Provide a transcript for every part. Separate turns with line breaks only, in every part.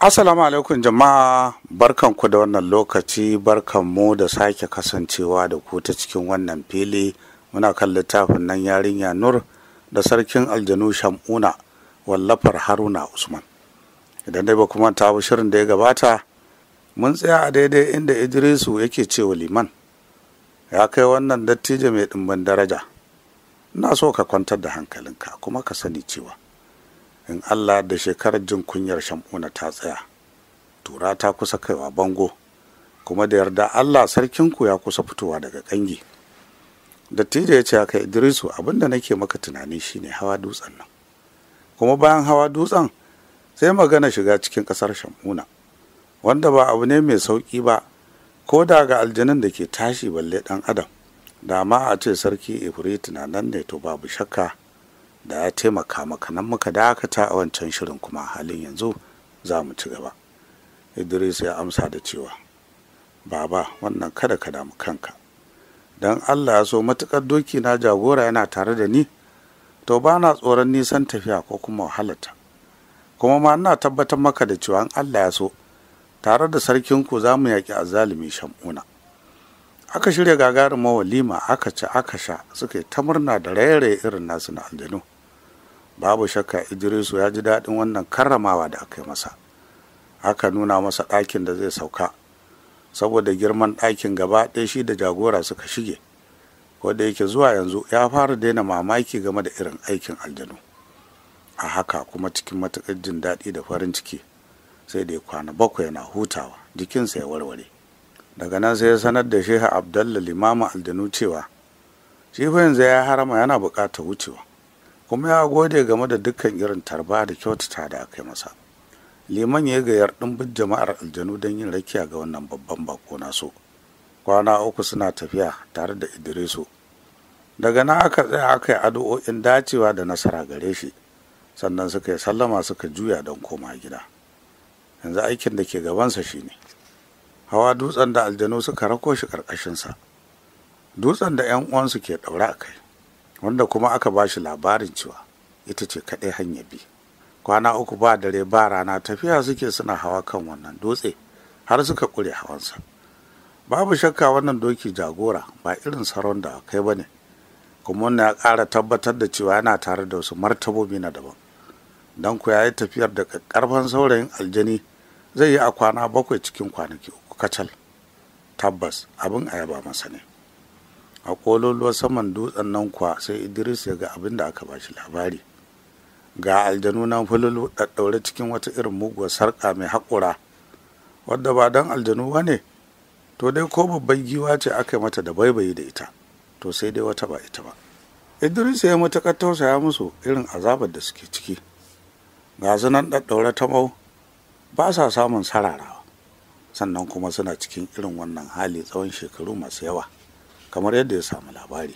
Assalamu alaikum jama'a barkanku da wannan lokaci barkanmu da sake kasancewa da ku ta cikin wannan fili muna kan littafin nan yarinya nur da sarkin aljanu shamuna wallafar haruna usman idan dai ba kuma ta shirin da ya gabata mun tsaya a daidai inda idrisu yake cewa liman ya kai wannan dattijo mai ɗimbin daraja ina so ka kwantar da hankalinka kuma ka sani cewa in allah da shekarar jin kunyar shamuna ta tsaya tura ta kusa kaiwa bango kuma da yarda allah sarkinku ya kusa fitowa daga kangi dattijo ya ce haka idrisu abinda nake maka tunani shine hawa dutsen nan kuma bayan hawa dutsen sai magana shiga cikin kasar shamuna wanda ba abu ne mai sauƙi ba ko da ga aljanin da ke tashi balle ɗan adam Dama a ce sarki ifrit na nan ne to babu shakka da ya taimaka maka nan muka dakata a wancan shirin kuma halin yanzu za mu ci gaba idris ya amsa da cewa baba wannan kada ka damu kanka don allah ya so matuƙar doki na jagora yana tare da ni to ba na tsoron nisan tafiya ko kuma wahalata kuma ma ina tabbatar maka da cewa allah ya so tare da sarkinku za mu yaƙi azalimi shamuna aka shirya gagarumar walima aka ci aka sha suka yi ta murna da raye-raye irin nasu na aljanu babu shakka idrisu ya ji daɗin wannan karramawa da aka yi masa aka nuna masa ɗakin da zai sauka saboda girman ɗakin gaba ɗaya shi da jagora suka shige wadda yake zuwa yanzu ya fara daina mamaki game da irin aikin aljanu a haka kuma cikin matuƙar jin daɗi da farin ciki sai da ya kwana bakwai yana hutawa jikinsa ya warware daga nan sai ya sanar da shehu abdallah limamin aljanu cewa shi yanzu ya harama yana buƙatar wucewa kuma ya gode game da dukkan irin tarba da kyautata da aka yi masa liman ya gayar bin jama'ar aljanu don yin rakiya ga wannan babban bako naso kwana uku suna tafiya tare da idrisu daga nan aka tsaya aka yi addu'o'in dacewa da nasara gare shi sannan suka yi sallama suka juya don koma gida yanzu aikin da ke gabansa shine hawa dutsen da aljanu suka rako shi ƙarƙashinsa dutsen da 'yan uwansu ke ɗaure a kai wanda kuma aka ba shi labarin cewa ita ce kaɗai hanya bi kwana uku ba dare ba rana tafiya suke suna hawa kan wannan dutse har suka ƙure hawansa babu shakka wannan doki jagora ba irin saron da kai ba ne kuma wannan ya ƙara tabbatar da cewa yana tare da wasu martabobi na daban don ku yayi tafiyar da ƙarfan saurayin aljani zai yi a kwana bakwai cikin kwanaki uku kacal tabbas abin a yaba masa ne a kololuwar saman dutsen nan kuwa sai idris ya ga abin da aka bashi labari ga aljanu nan fululu ɗaɗɗaure cikin wata irin muguwar sarƙa mai haƙura wadda ba don aljanu ba ne to dai ko babban giwa ce aka yi mata da baibayi da ita to sai dai wata ba ita ba idris ya matuƙar tausaya musu irin azabar da suke ciki ga su nan ɗaɗɗaure ta mau ba sa samun sararawa sannan kuma suna cikin irin wannan hali tsawon shekaru masu yawa kamar yadda ya samu labari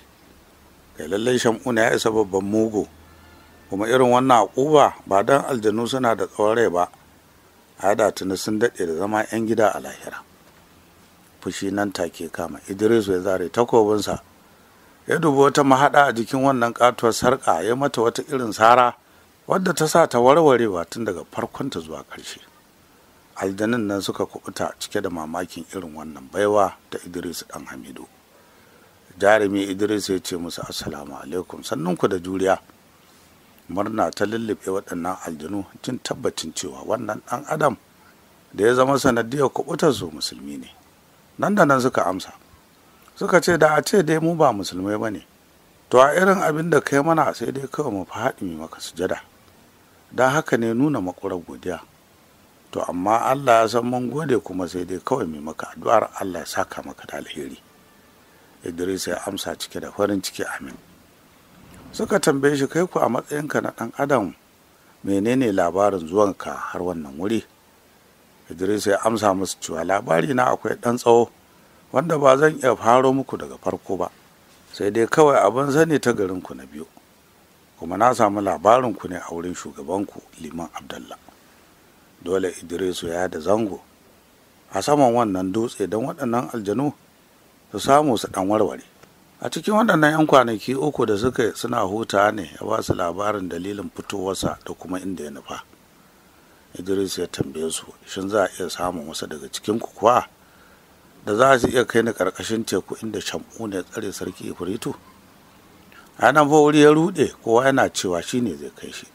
kai lallai shamuna ya isa babban mugu kuma irin wannan akuba ba dan aljanu suna da tsawon rai ba a yada tuni sun daɗe da zama 'yan gida a lahira fushi nan take kama idris ya zare takobinsa ya dubi wata mahaɗa a jikin wannan katuwar sarƙa ya mata wata irin sara wadda ta sa ta warwarewa tun daga farkonta zuwa ƙarshe aljanun nan suka kubuta cike da mamakin irin wannan baiwa ta idris ɗan hamidu jarumi idris ya ce musu assalamu alaikum sannan ku da juriya murna ta lullube waɗannan aljanu cin tabbacin cewa wannan ɗan adam da ya zama sanadiyar kubutar su musulmi ne nan da nan suka amsa suka ce da a ce dai mu ba musulmai ba ne to a irin abin da kai mana sai dai kawai mu faɗi mu maka sujada da haka ne nuna makurar godiya to amma allah ya san mun gode kuma sai dai kawai mu maka addu'ar allah ya saka maka da alheri idris ya amsa cike da farin ciki amin suka tambaye shi kai ku a matsayinka na ɗan adam menene labarin zuwanka har wannan wuri idris ya amsa musu cewa labari na akwai ɗan tsawo wanda ba zan iya faro muku daga farko ba sai dai kawai abin sani ta garinku na biyu kuma na samu ku ne a wurin shugabanku liman abdallah dole idrisu ya da zango a saman wannan dutse don waɗannan aljanu su samu su dan warware a cikin waɗannan 'yan kwanaki uku da suka suna huta ne ya ba su labarin dalilin fitowarsa da kuma inda ya nufa idris ya tambaye su shin za a iya samun wasu daga cikin ku kuwa da za su iya kai ni karkashin teku inda shamu ne tsare sarki ifritu a nan fa wuri ya rude, kowa yana cewa shine zai kai shi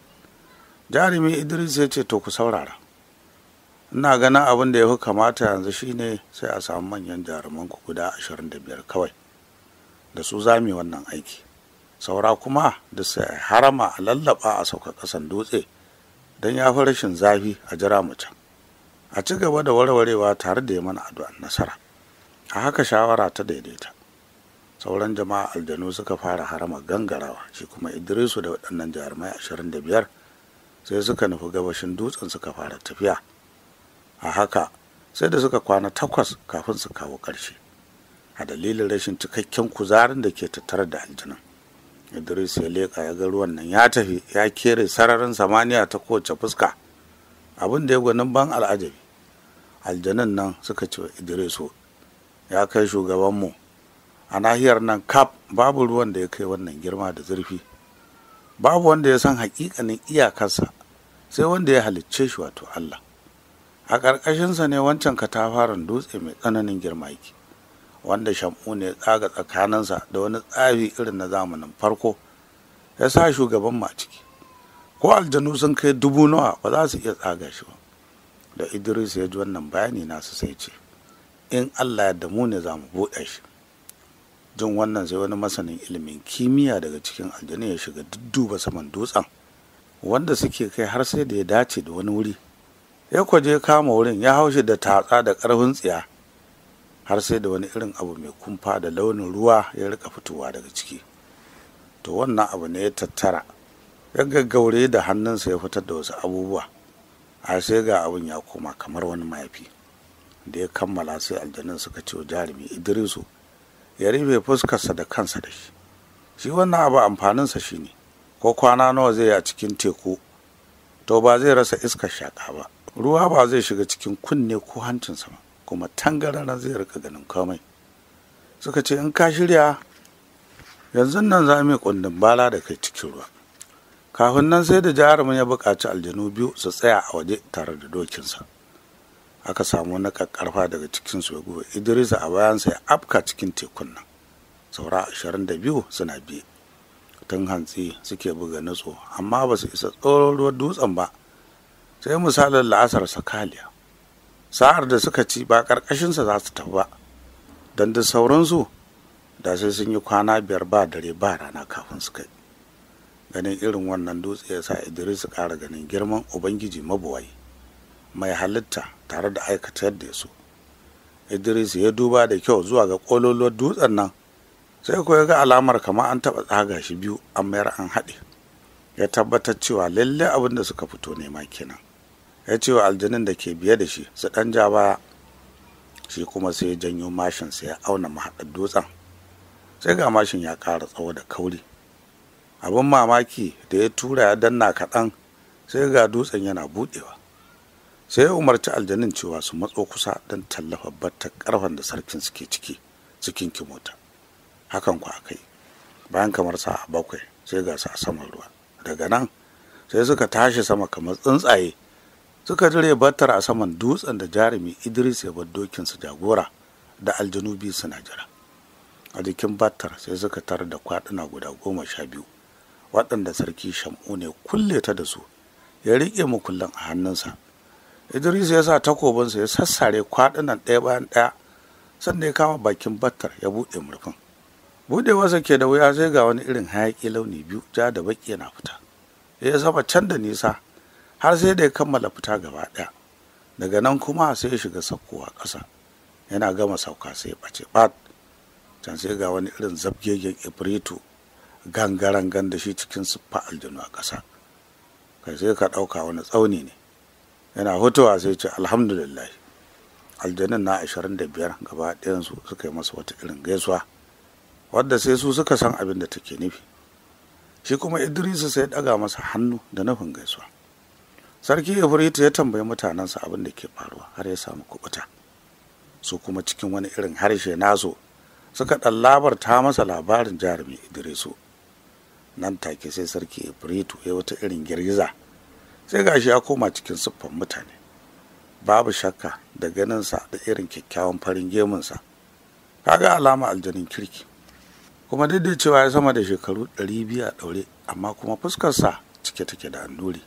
jarumi idris ya ce to ku saurara ina ganin abin da ya fi kamata yanzu shine sai a samu manyan jaruman ku guda biyar kawai da su zami wannan aiki saura kuma da sai harama a lallaba a sauka kasan dutse don ya fi rashin zafi a jira mu can a ci gaba da warwarewa tare da ya mana addu'an nasara a haka shawara ta daidaita sauran jama'a aljanu suka fara harama gangarawa shi kuma idrisu da waɗannan jarumai ashirin da biyar sai suka nufi gabashin dutsen suka fara tafiya a haka sai da suka kwana takwas kafin su kawo ƙarshe a dalilin rashin cikakken kuzarin da ke tattare da aljinin idris ya leƙa ya ga ruwan nan ya tafi ya kere sararin samaniya ta kowace fuska abin da ya gwanin ban al'ajabi Aljanun nan suka ce idris ya kai shugabanmu a nahiyar nan kaf babu ruwan da ya kai wannan girma da zurfi babu wanda ya san hakikanin iyakarsa sai wanda ya halicce shi wato allah a ƙarƙashinsa ne wancan katafaren dutse mai tsananin girma yake wanda shamu ne tsaga tsakaninsa da wani tsari irin na zamanin farko ya sa shugaban ma ciki ko aljanu sun kai dubu nawa ba za su iya tsaga shi ba da idris ya ji wannan bayani nasu sai ce in allah ya damu ne za mu buɗe shi jin wannan sai wani masanin ilimin kimiyya daga cikin aljanu ya shiga dudduba saman dutsen wanda suke kai har sai da ya dace da wani wuri ya kwaje kama wurin ya haushi da tatsa da ƙarfin tsiya har sai da wani irin abu mai kumfa da launin ruwa ya rika fitowa daga ciki to wannan abu ne ya tattara ya gaggaure da hannunsa ya fitar da wasu abubuwa a sai ga abin ya koma kamar wani mafi da ya kammala sai aljanun suka ce wa jarumi idrisu ya rufe fuskarsa da kansa da shi shi wannan abu amfaninsa ne. ko kwana nawa zai yi a cikin teku to ba zai rasa iskar shaka ba ruwa ba zai shiga cikin kunne ko hancinsa ba kuma tangarara zai rika ganin komai suka ce in ka shirya yanzu nan za mu kundin bala da kai cikin ruwa kafin nan sai da jarumin ya buƙaci aljanu biyu su tsaya a waje tare da dokinsa aka samu na ƙarfa daga cikin su gube, idrisa a bayan bayansa ya afka cikin tekun nan saura ashirin da biyu suna biye tun hantsi suke buga nutso amma ba su isa tsoron ruwan dutsen ba sai misalin la'asar sakaliya sa'ar da suka ci ba ƙarƙashinsa za su tafi ba don da sauransu da sai sun yi kwana biyar ba dare ba rana kafin su kai ganin irin wannan dutse ya sa idris ƙara ganin girman ubangiji mabuwai mai halitta tare da aikata yadda ya so idris ya duba da kyau zuwa ga ƙololuwar dutsen nan sai ko ya ga alamar kamar an taɓa tsaga shi biyu an mayar an haɗe ya tabbatar cewa lalle abin da suka fito ne ma kenan ya ce wa aljanin da ke biye da shi su ɗan ja baya shi kuma sai ya janyo mashinsa ya auna mahaɗar dutsen sai ga mashin ya ƙara tsawo da kauri abin mamaki da ya tura ya danna kaɗan sai ga dutsen yana buɗewa sai ya umarci aljanin cewa su matso kusa don tallafa battar ƙarfen da sarkin suke ciki cikin kimota hakan ku aka yi bayan kamar sa'a bakwai sai ga su a saman ruwa daga nan sai suka tashi sama kamar tsuntsaye suka jire battar a saman dutsen da jarumi idris ya bar dokinsu jagora da Aljanubi suna jira a jikin battar sai suka tar da kwaduna guda goma sha biyu waɗanda sarki shamu ne kulle ta da su ya riƙe mukullan a hannunsa idris ya sa takobinsa ya sassare kwaɗunan ɗaya bayan ɗaya sannan ya kama bakin battar ya buɗe murfin buɗewarsa ke da wuya sai ga wani irin hayaƙi launi biyu ja da baƙi yana fita ya zama can da nisa har sai da ya kammala fita gaba ɗaya daga nan kuma sai ya shiga sakkowa ƙasa yana gama sauka sai ya ɓace ɓat can sai ga wani irin zabgegen ibrito gangaren gan da shi cikin siffa aljanu a ƙasa kai sai ka ɗauka wani tsauni ne yana hutuwa sai ce alhamdulillah aljanun na ashirin da biyar gaba ɗayansu suka yi masa wata irin gaisuwa wadda sai su suka san abin da take nufi shi kuma idrisu sai ɗaga masa hannu da nufin gaisuwa sarki ibrahim ya tambayi mutanensa abin da ke faruwa har ya samu kubuta su kuma cikin wani irin harshe nasu suka ɗan labarta masa labarin jarumi idrisu nan take sai sarki ibrahim ya wata irin girgiza sai gashi ya koma cikin siffan mutane babu shakka da ganinsa da irin kyakkyawan farin gemunsa kaga alama aljanin kirki kuma duk da cewa ya sama da shekaru ɗari biyu a ɗaure amma kuma fuskarsa cike take da annuri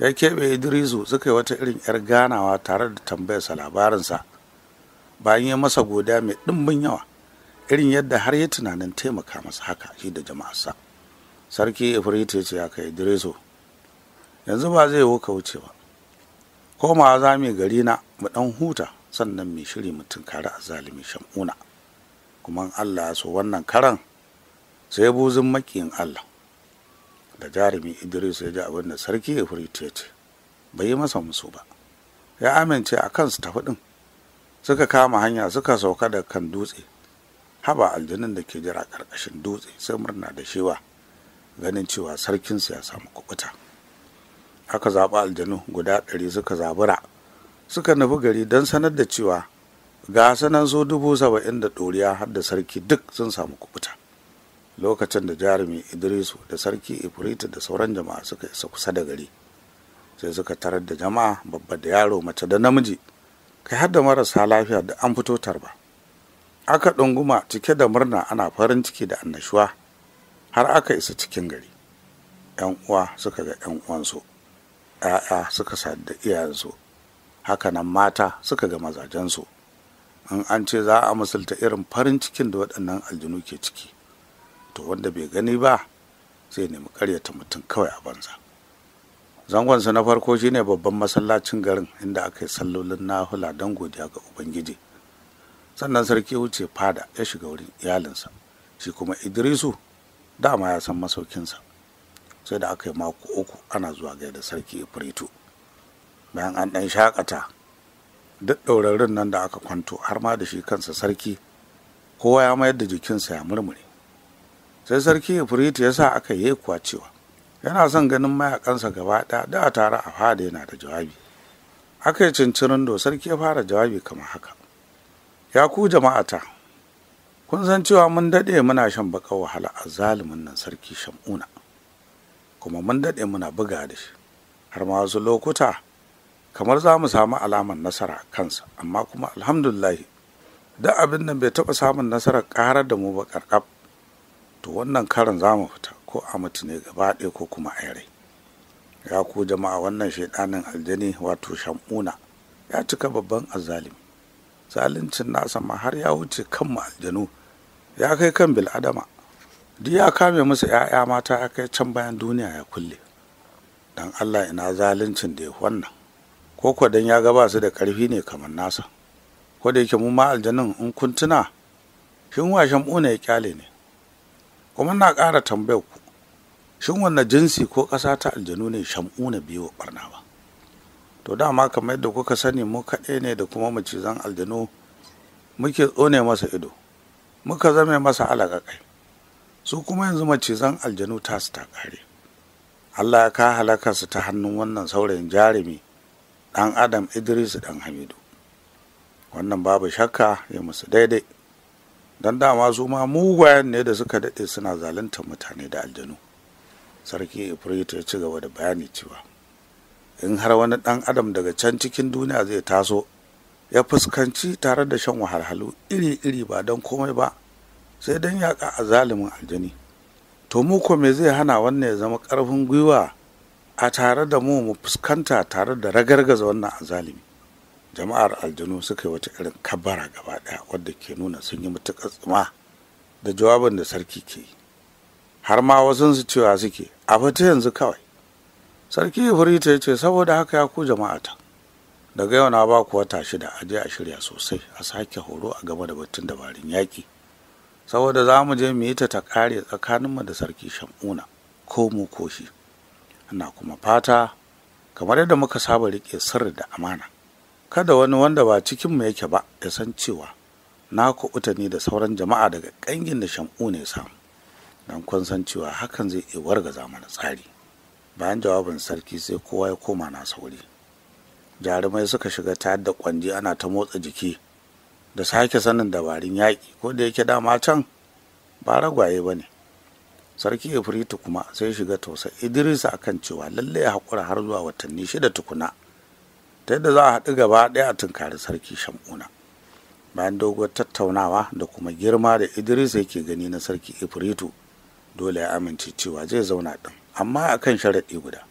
ya keɓe idrisu suka yi wata irin 'yar ganawa tare da tambayarsa labarinsa bayan ya masa godiya mai ɗimbin yawa irin yadda har ya tunanin taimaka masa haka shi da jama'arsa sarki ifrit ya ce haka idrisu yanzu ba zai wuka wuce ba komawa za mu gari na mu ɗan huta sannan mai shiri mu tunkari a zalimi shan'una. kuma allah ya so wannan karan sai buzin makiyin allah da jarumi idris ya ji abin da sarki ya furta ce bai yi masa musu ba ya amince a kansu tafi ɗin suka kama hanya suka sauka da kan dutse haba aljanun da ke jira ƙarƙashin dutse sai murna da shewa ganin cewa sarkinsu ya samu kubuta aka zaɓi aljanu guda ɗari suka zabura suka nufi gari don sanar da cewa ga sanan so dubu saba'in da ɗoriya har da sarki duk sun samu kubuta lokacin da jarumi idrisu da sarki ifrit da sauran jama'a suka isa kusa da gari sai suka tarar da jama'a babba da yaro mace da namiji kai har da marasa lafiya da an fito tarba aka ɗunguma cike da murna ana farin ciki da annashuwa har aka isa cikin gari yan uwa suka ga yan uwansu ‘ya'ya suka sadu da iyayensu Haka nan, mata suka ga mazajensu in an ce za a musulta irin farin cikin da waɗannan aljinu ke ciki to wanda bai gani ba zai nemi karyata mutum kawai a banza zangonsa na farko shine babban masallacin garin inda aka yi sallolin nahula don godiya ga ubangiji sannan sarki wuce fada ya shiga wurin iyalinsa shi kuma idrisu dama ya san masaukinsa sai da aka yi mako uku ana zuwa gaida sarki ifritu bayan an ɗan shakata duk ɗaurarin nan da aka kwanto har ma da shi kansa sarki kowa ya mayar da jikinsa ya murmure sai sarki ifrit ya sa aka yi cewa. yana son ganin mayakansa gaba ɗaya da a tare a fada yana da jawabi aka yi cincirin do sarki ya fara jawabi kamar haka ya ku jama'ata kun san cewa mun daɗe muna shan baƙar wahala a zalimin nan sarki shamuna kuma mun daɗe muna buga da shi har ma wasu lokuta kamar za mu samu alamar nasara kansa amma kuma alhamdulahi duk abin nan bai taɓa samun nasarar ƙarar da mu ba ƙarƙaf to wannan karin za mu fita ko a mutu ne gaba ɗaya ko kuma a rai ya ku jama'a wannan shaidanin aljani wato shamuna ya cika babban azalim zaluncin nasa ma har ya wuce kan mu aljanu ya kai kan bil adama. duk ya kame musu 'ya'ya mata ya kai can bayan duniya ya kulle Dan allah ina zaluncin da ya wannan ko ko ya gaba su da karfi ne kamar nasa ko da yake mu ma aljanin in kuntuna? tuna shin washen una ya kyale ne kuma na ƙara tambayar ku shin wanne jinsi ko ƙasa ta aljanu ne shamu na biyu barna ba to dama kamar yadda kuka sani mu kaɗai ne da kuma macizan aljanu muke tsone masa ido muka zame masa alaƙaƙai su kuma yanzu macizan aljanu ta su ta ƙare allah ya ka halaka su ta hannun wannan saurayin jarumi ɗan adam idris ɗan hamidu wannan babu shakka ya musu daidai don dama su ma mugayen ne da suka daɗe suna zaluntar mutane da aljanu sarki ifrito ya ci gaba da bayani cewa in har wani ɗan adam daga can cikin duniya zai taso ya fuskanci tare da shan wahalhalu iri-iri ba don komai ba sai don yaƙa a zalimin aljani to mu ko me zai hana wannan ya zama ƙarfin gwiwa a tare da mu mu fuskanta tare da ragargaza wannan azalimi jama'ar aljanu suka yi wata irin kabara gaba ɗaya wadda ke nuna sun yi matuƙar tsuma da jawabin da sarki ke yi har ma wasu su cewa suke a fita yanzu kawai sarki ifirita ya ce saboda haka ya ku ta. daga yau na ba ku wata shida a je a shirya sosai a sake horo a gaba da batun dabarun yaƙi saboda za mu je mu yi ta ta ƙare tsakaninmu da sarki shan'una ko mu ko shi ina kuma fata kamar yadda muka saba riƙe sirri da amana kada wani wanda ba cikinmu yake ba ya san cewa na kuɓuta ne da sauran jama'a daga ƙangin da shamu ne samu don kun san cewa hakan zai iya warga mana tsari bayan jawabin sarki sai kowa ya koma na sauri jarumai suka shiga ta da kwanji ana ta motsa jiki da sake sanin dabarun yaƙi ko da yake dama can ba ragwaye ba ne sarki ifritu kuma sai shiga tausa idris akan cewa lallai haƙura har zuwa watanni shida tukuna ta yadda za a haɗu gaba ɗaya a tunkari sarki shamuna bayan dogon tattaunawa da kuma girma da idris yake gani na sarki ifritu dole ya amince cewa zai zauna ɗin amma a kan sharaɗi guda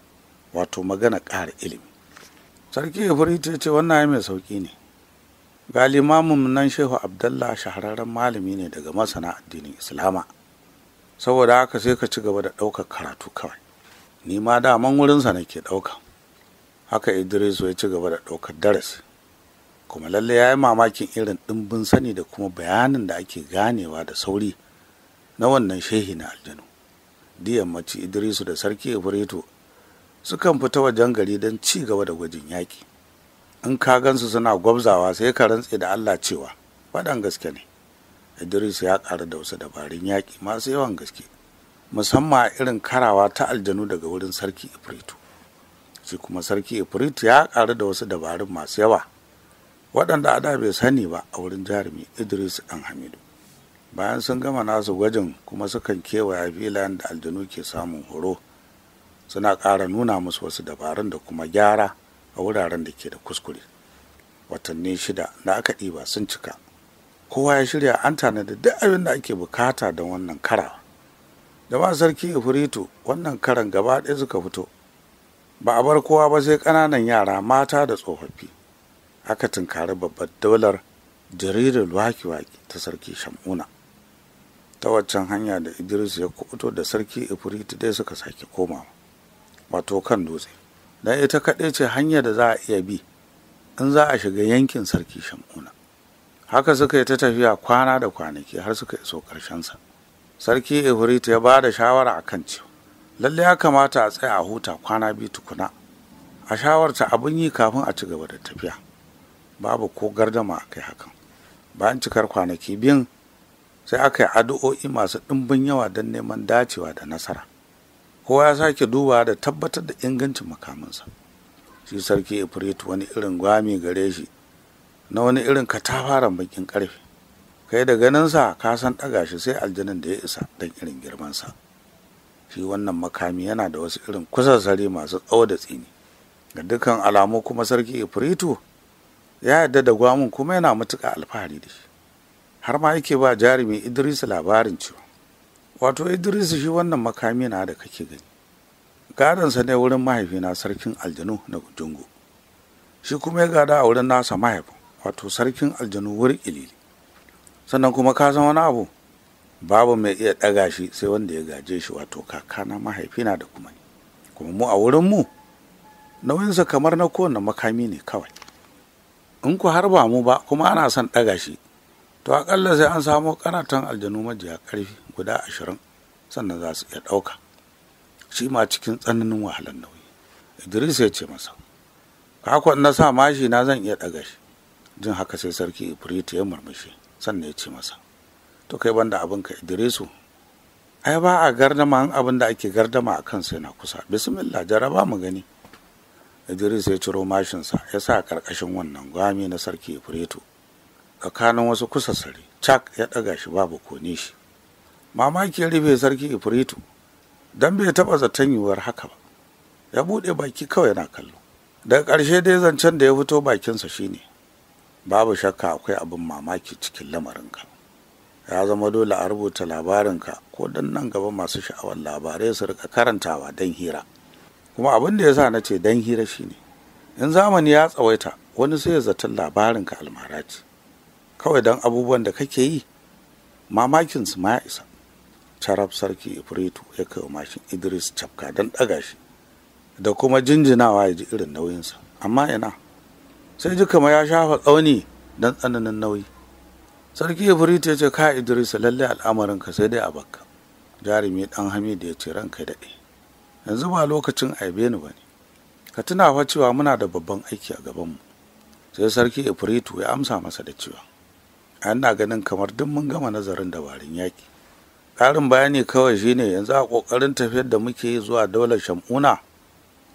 wato magana ƙara ilimi sarki ifritu ya ce wannan ya mai sauƙi ne ga limamin nan shehu abdallah shahararren malami ne daga masana addinin islama saboda haka sai ka ci gaba da ɗaukar karatu kawai ni ma daman wurinsa nake ɗauka haka idris ya ci gaba da ɗaukar darasi kuma lalle ya yi mamakin irin ɗimbin sani da kuma bayanin da ake ganewa da sauri na wannan shehi na aljanu mace idrisu da sarki ibrito sukan fita wajen gari don ci gaba da gwajin yaƙi in ka gansu suna gwabzawa sai ka rantse da allah cewa faɗan gaske ne idris ya ƙara da wasu dabarun yaƙi masu yawan gaske musamman irin karawa ta aljanu daga wurin sarki ibrito shi kuma sarki ifrit ya ƙaru da wasu dabarun masu yawa waɗanda a da bai sani ba a wurin jarumi idris dan hamidu bayan sun gama nasu gwajin kuma sukan kewaya filayen da aljanu ke samun horo suna ƙara nuna musu wasu dabarun da kuma gyara a wuraren da ke da kuskure watanni shida na aka ɗiba sun cika kowa ya shirya an da duk abin da ake bukata don wannan kara ma sarki ifritu wannan karan gaba ɗaya suka fito ba a bar kowa ba sai ƙananan yara mata da tsofaffi aka tunkari babbar daular jaridar waki-waki ta sarki shamuna ta waccan hanya da idris ya kubuto da sarki ifrit dai suka sake komawa wato kan dutse don ita kaɗai ce hanya da za a iya bi in za a shiga yankin sarki shamuna haka suka yi ta tafiya kwana da kwanaki har suka iso ƙarshensa sarki ifrit ya ba da shawara a kan cewa lalle ya kamata a tsaya a huta kwana biyu tukuna a shawarta abin yi kafin a ci gaba da tafiya babu ko gardama a kai hakan bayan cikar kwanaki biyun sai aka yi addu'o'i masu ɗimbin yawa don neman dacewa da nasara kowa ya sake duba da tabbatar da ingancin makaminsa shi sarki ifrit wani irin gwami gare shi na wani irin katafaren bakin karfe kai da ganinsa ka san ɗaga shi sai aljanin da ya isa don irin girmansa shi wannan makami yana da wasu irin kusassare masu tsawo da tsini ga dukkan alamu kuma sarki ifrito ya yadda da gwamun kuma yana matuka alfahari da shi har ma yake ba jarumi idris labarin cewa wato idris shi wannan makami na da kake gani gadonsa ne wurin mahaifina sarkin aljanu na jungo shi kuma ya gada a wurin nasa mahaifin wato sarkin aljanu wurin ilili sannan kuma ka san wani abu babu mai iya ɗaga shi sai wanda ya gaje shi wato kakana mahaifina da kuma ni kuma mu a wurin mu nauyinsa kamar na kowane makami ne kawai in ku har ba mu ba kuma ana son ɗaga shi to aƙalla sai an samo ƙanatan aljanu majiya ƙarfi guda ashirin sannan za su iya ɗauka shi ma cikin tsananin wahalar nauyi idris ya ce masa kakon na sa mashi na zan iya ɗaga shi jin haka sai sarki ifrit ya murmushi sannan ya ce masa to kai banda abin ka idrisu ai ba a gardama an abin da ake gardama a kansa yana kusa bismillah jaraba mu gani idris ya ciro mashinsa ya sa karkashin wannan gwami na sarki fureto Kakanin wasu kusa-sare, cak ya ɗaga shi babu kone shi mamaki rufe sarki ifritu Dan bai taɓa zaton yiwuwar haka ba ya bude baki kawai yana kallo daga ƙarshe dai zancen da ya fito bakinsa shine babu shakka akwai abin mamaki cikin lamarin ka. ya zama dole a rubuta labarinka ko don nan gaba masu sha'awar labarai su rika karantawa dan hira kuma abin da ya sa na ce dan hira shine in zamani ya tsawaita wani sai ya zaton labarinka almara ce kawai don abubuwan da kake yi mamakin su ma isa tarab sarki ifritu ya kai mashin idris cafka don ɗaga shi da kuma jinjinawa ya ji irin nauyinsa amma ina sai ji kamar ya shafa tsauni don tsananin nauyi sarki ifrit ya ce ka idris lalle al'amarin ka sai dai a bakka jarumi dan hamid ya ce ranka daɗe yanzu ba lokacin aibe ni bane ka tuna fa cewa muna da babban aiki a gaban mu sai sarki ifritu ya amsa masa da cewa ana ganin kamar duk mun gama nazarin dabarun yaƙi ƙarin bayani kawai shine yanzu a ƙoƙarin tafiyar da muke zuwa daular shamuna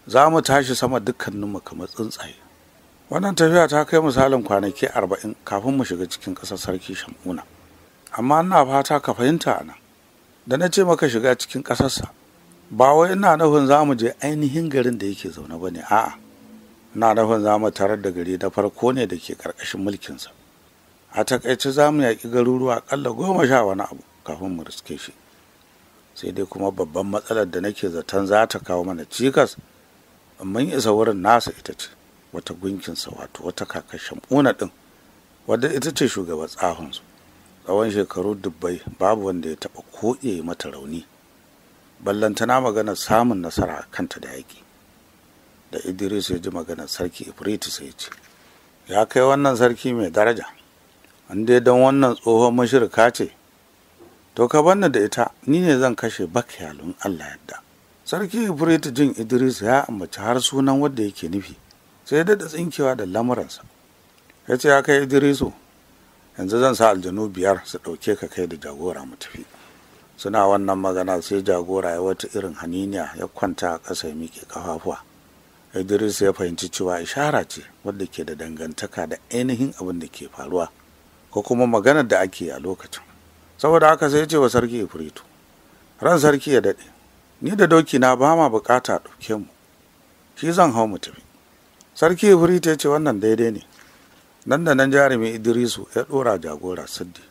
za mu tashi sama dukkaninmu kamar tsuntsaye wannan tafiya ta kai misalin kwanaki arba'in kafin mu shiga cikin ƙasar sarki shamuna amma ina fata ka fahimta a da na ce maka shiga cikin ƙasarsa ba wai ina nufin za mu je ainihin garin da yake zaune ba ne a'a ina nufin za mu tarar da gari na farko ne da ke ƙarƙashin mulkinsa a takaice za mu yaƙi garuruwa ƙalla goma sha wani abu kafin mu riske shi sai dai kuma babban matsalar da nake zaton za ta kawo mana cikas mun isa wurin nasa ita ce wata gunkinsa wato wata kakashin una ɗin wadda ita ce shugaba tsahonsu tsawon shekaru dubbai babu wanda ya taɓa ko iya yi mata rauni ballantana magana samun nasara a kanta da yaƙi da idris ya ji magana sarki ifritu sai ce ya kai wannan sarki mai daraja an dai don wannan tsohon mashirka ce to ka banna da ita ni ne zan kashe bakyalun allah yadda sarki ifritu jin idris ya ambaci har sunan wadda yake nufi sai daɗa tsinkewa da lamuransa ya ce ya kai idrisu yanzu zan sa aljanu biyar su ɗauke ka kai da jagora mu tafi suna wannan magana sai jagora ya wata irin haniniya ya kwanta a ƙasa ya miƙe ƙafafuwa idris ya fahimci cewa ishara ce wadda ke da dangantaka da ainihin abin da ke faruwa ko kuma maganar da ake a lokacin saboda haka sai ce wa sarki ifritu ran sarki ya daɗe ni da doki na ba ma bukata a ɗauke mu shi zan hau mu tafi sarki ibrahim ya ce wannan daidai ne nan da nan jarumi idrisu ya ɗora jagora Saddi.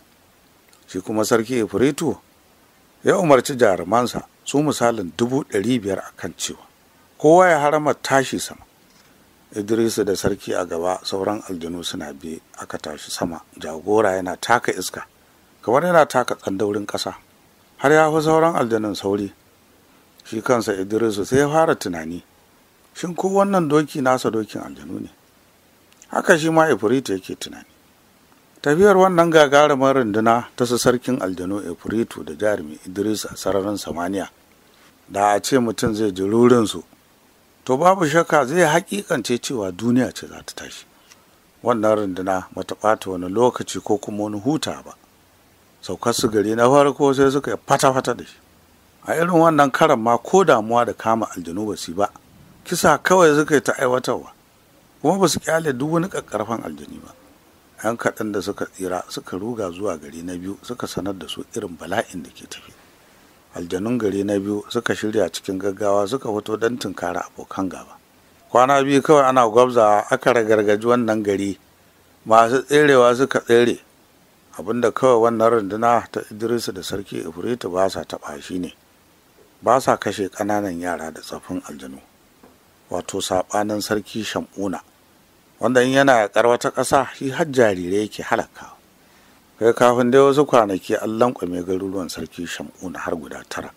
shi kuma sarki ibrahim ya umarci jarumansa su misalin dubu ɗari biyar a kan cewa kowa ya harama tashi sama idrisu da sarki a gaba sauran aljanu suna biye aka tashi sama jagora yana taka iska kamar yana taka tsandaurin ƙasa har ya fi sauran aljanun sauri shi kansa idrisu sai ya fara tunani shin ko wannan doki nasa dokin aljanu ne haka shi ma ifrita yake tunani tafiyar wannan gagarumin runduna ta su sarkin aljanu ifritu da jarumi idris a sararin samaniya da a ce mutum zai ji rurinsu to babu shakka zai hakikance cewa duniya ce za ta tashi wannan runduna mata ɓata wani lokaci ko kuma wani huta ba saukar su gari na farko sai suka fata-fata da shi a irin wannan karan ma ko damuwa da kama aljanu ba su ba kisa kawai suka yi ta aiwatarwa kuma ba su kyale duk wani ƙaƙƙarfan aljini ba yan kaɗan da suka tsira suka ruga zuwa gari na biyu suka sanar da su irin bala'in da ke tafi aljanun gari na biyu suka shirya cikin gaggawa suka fito don tunkara abokan gaba kwana biyu kawai ana gwabzawa aka ragargaji wannan gari masu tserewa suka tsere abinda kawai wannan runduna ta idrisu da sarki ifritu ba sa taɓa shi ne ba sa kashe ƙananan yara da tsaffin aljanu wato saɓanin sarki shamuna wanda in yana yakar wata ƙasa shi har jarirai yake halaka kai kafin dai wasu kwanaki an lankwame garuruwan sarki shamuna har guda tara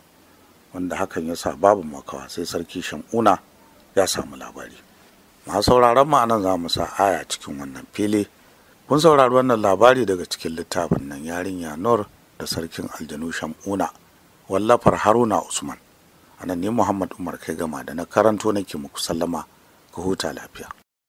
wanda hakan ya sa babu makawa sai sarki shamuna ya samu labari masu sauraron ma'anan za mu sa aya cikin wannan fili kun saurari wannan labari daga cikin littafin nan yarinya Nor da sarkin aljanu shamuna wallafar haruna usman anan ne muhammad umar kai gama da na karanto nake muku sallama ka huta lafiya